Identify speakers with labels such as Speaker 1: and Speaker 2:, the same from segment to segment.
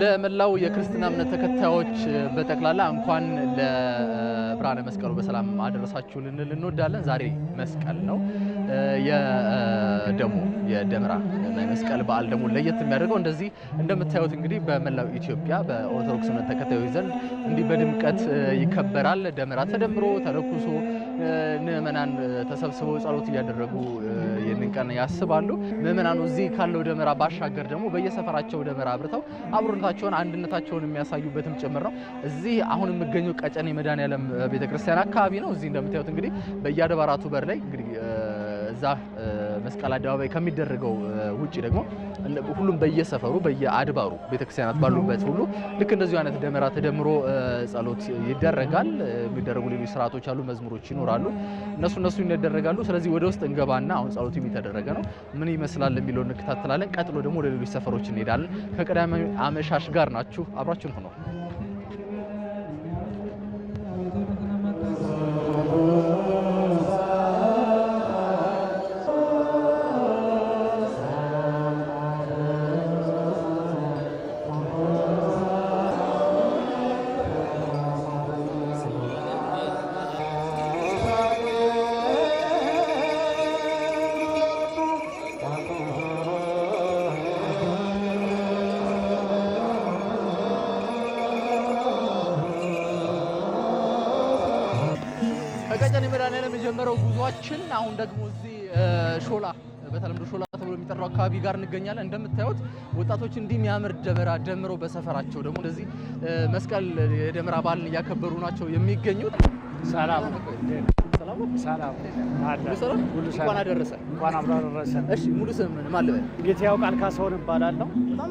Speaker 1: ለመላው የክርስትና እምነት ተከታዮች በጠቅላላ እንኳን ለብርሃነ መስቀሉ በሰላም አደረሳችሁ ልንል እንወዳለን። ዛሬ መስቀል ነው። የደሞ የደመራ መስቀል በዓል ደግሞ ለየት የሚያደርገው እንደዚህ እንደምታዩት እንግዲህ በመላው ኢትዮጵያ በኦርቶዶክስ እምነት ተከታዮች ዘንድ እንዲህ በድምቀት ይከበራል። ደመራ ተደምሮ ተለኩሶ ምዕመናን ተሰብስበው ጸሎት እያደረጉ ይህንን ቀን ያስባሉ። ምእመናኑ እዚህ ካለው ደመራ ባሻገር ደግሞ በየሰፈራቸው ደመራ አብርተው አብሮነታቸውን አንድነታቸውን የሚያሳዩበትም ጭምር ነው። እዚህ አሁን የምገኘው ቀጨኔ መድኃኔዓለም ቤተክርስቲያን አካባቢ ነው። እዚህ እንደምታዩት እንግዲህ በየአድባራቱ በር ላይ እንግዲህ እዛ መስቀል አደባባይ ከሚደረገው ውጭ ደግሞ ሁሉም በየሰፈሩ በየአድባሩ ቤተክርስቲያናት ባሉበት ሁሉ ልክ እንደዚሁ አይነት ደመራ ተደምሮ ጸሎት ይደረጋል። የሚደረጉ ሌሎች ስርዓቶች አሉ፣ መዝሙሮች ይኖራሉ። እነሱ እነሱ ይደረጋሉ። ስለዚህ ወደ ውስጥ እንገባና አሁን ጸሎቱ የሚተደረገ ነው ምን ይመስላል የሚለውን እንከታተላለን። ቀጥሎ ደግሞ ወደ ሌሎች ሰፈሮች እንሄዳለን። ከቀዳሚ አመሻሽ ጋር ናችሁ፣ አብራችን ሆነው መድኃኔ መድኃኔዓለም የጀመረው ጉዟችን አሁን ደግሞ እዚህ ሾላ በተለምዶ ሾላ ተብሎ የሚጠራው አካባቢ ጋር እንገኛለን። እንደምታዩት ወጣቶች እንዲህ የሚያምር ደመራ ደምረው በሰፈራቸው ደግሞ እንደዚህ መስቀል የደመራ በዓልን እያከበሩ ናቸው የሚገኙት። ሰላም ሰላም፣ እንኳን አደረሰ። እንኳን አብሮ አደረሰ። እሺ፣ ሙሉ ስም ማን ልበል? ጌታው ቃል ካሰውን እባላለሁ። በጣም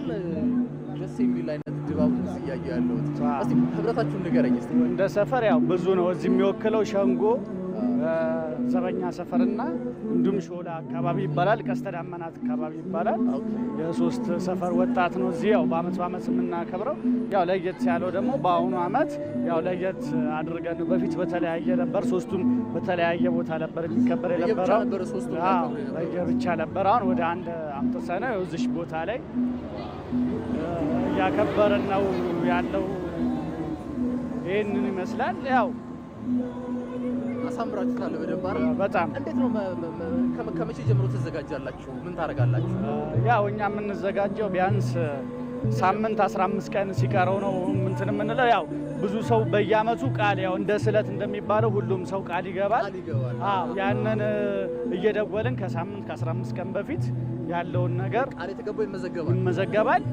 Speaker 1: ደስ የሚል አይነት ድባብ እያየሁ ያለሁት። እስቲ ህብረታችሁን ንገረኝ እስቲ። እንደ ሰፈር ያው ብዙ ነው። እዚህ የሚወክለው ሸንጎ ዘበኛ ሰፈርና እንዲሁም ሾላ አካባቢ ይባላል። ቀስተ ዳመናት አካባቢ ይባላል። የሶስት ሰፈር ወጣት ነው። እዚህ ያው በአመት በአመት የምናከብረው ያው ለየት ያለው ደግሞ በአሁኑ አመት ያው ለየት አድርገን በፊት በተለያየ ነበር። ሶስቱም በተለያየ ቦታ ነበር የሚከበር የነበረው ብቻ ነበር። አሁን ወደ አንድ አምጥተን እዚህ ቦታ ላይ እያከበርን ነው ያለው። ይህንን ይመስላል ያው አሳምራችሁታል በደንብ አይደል? በጣም እንዴት ነው? ከመቼ ጀምሮ ትዘጋጃላችሁ? ምን ታደርጋላችሁ? ያው እኛ የምንዘጋጀው ቢያንስ ሳምንት 15 ቀን ሲቀረው ነው እንትን የምንለው። ያው ብዙ ሰው በየአመቱ ቃል ያው እንደ ስለት እንደሚባለው ሁሉም ሰው ቃል ይገባል። አዎ ያንን እየደወልን ከሳምንት ከ15 ቀን በፊት ያለውን ነገር ቃል የተገባው ይመዘገባል።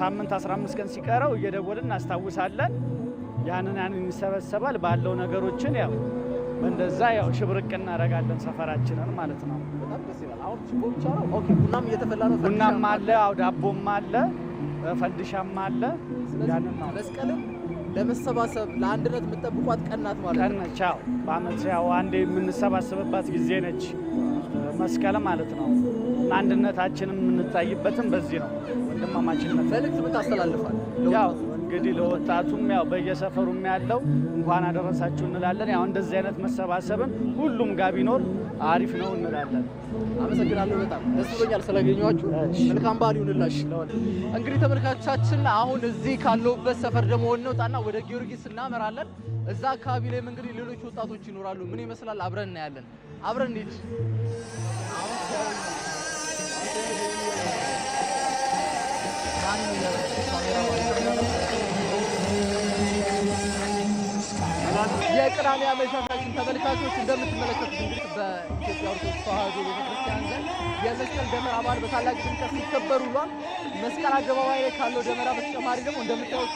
Speaker 1: ሳምንት 15 ቀን ሲቀረው እየደወልን እናስታውሳለን። ያንን ያንን ይሰበሰባል ባለው ነገሮችን ያው እንደዛ ያው ሽብርቅ እናደርጋለን ሰፈራችንን ማለት ነው። ቡናም አለ፣ አው ዳቦም አለ፣ ፈንድሻም አለ። ያንን ነው መስቀልም ለመሰባሰብ ለአንድነት የምጠብቋት ቀናት ማለት ነው። ቀነች ያው በአመት ያው አንዴ የምንሰባሰብባት ጊዜ ነች መስቀል ማለት ነው። አንድነታችንም የምንታይበትም በዚህ ነው። ወንድማማችነት መልእክት ብታስተላልፋል ያው እንግዲህ ለወጣቱም ያው በየሰፈሩም ያለው እንኳን አደረሳችሁ እንላለን። ያው እንደዚህ አይነት መሰባሰብን ሁሉም ጋር ቢኖር አሪፍ ነው እንላለን። አመሰግናለሁ። በጣም ደስ ብሎኛል ስላገኘኋችሁ። መልካም በዓል ይሁንላችሁ። እንግዲህ ተመልካቾቻችን አሁን እዚህ ካለሁበት ሰፈር ደግሞ እንወጣና ወደ ጊዮርጊስ እናመራለን። እዛ አካባቢ ላይም እንግዲህ ሌሎች ወጣቶች ይኖራሉ። ምን ይመስላል? አብረን እናያለን። አብረን እንሂድ። Thank you. የቅዳሜ አመሻሻችን ተመልካቾች እንደምትመለከቱት እንግዲህ በኢትዮጵያ ኦርቶዶክስ ተዋሕዶ ቤተክርስቲያን ዘንድ የመስቀል ደመራ በዓል በታላቅ ድምቀት ሲከበሩ ውሏል። መስቀል አደባባይ ላይ ካለው ደመራ በተጨማሪ ደግሞ እንደምታዩት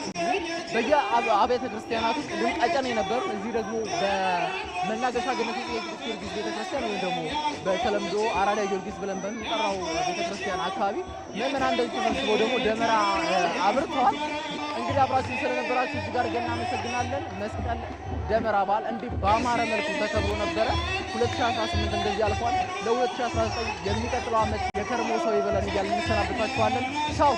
Speaker 1: በየአብያተ ክርስቲያናት ውስጥ ድምቀጨን የነበሩ እዚህ ደግሞ በመናገሻ ገነት ቅዱስ ጊዮርጊስ ቤተክርስቲያን ወይም ደግሞ በተለምዶ አራዳ ጊዮርጊስ ብለን በምንጠራው ቤተክርስቲያን አካባቢ ምዕመናን እንደዚህ ተሰብስበው ደግሞ ደመራ አብርተዋል። እንግዲህ አብራችሁ ስለነበራችሁ እዚህ ጋር እናመሰግናለን። መስቀል ደመራ በዓል እንዲህ በአማረ መልኩ ተከብሮ ነበረ። 2018 እንደዚህ አልፏል። ለ2019 የሚቀጥለው ዓመት የከርሞ ሰው ይበለን እያልን እንሰናበታችኋለን። ቻው